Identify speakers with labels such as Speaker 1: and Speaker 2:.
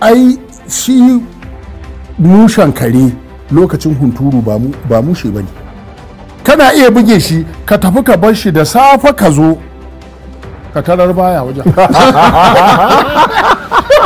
Speaker 1: ai shi mushen kare lokacin hunturu ba mushe ba ne kana iya buge shi ka tafi ka bar shi da safe ka zo
Speaker 2: ka tarar baya wajen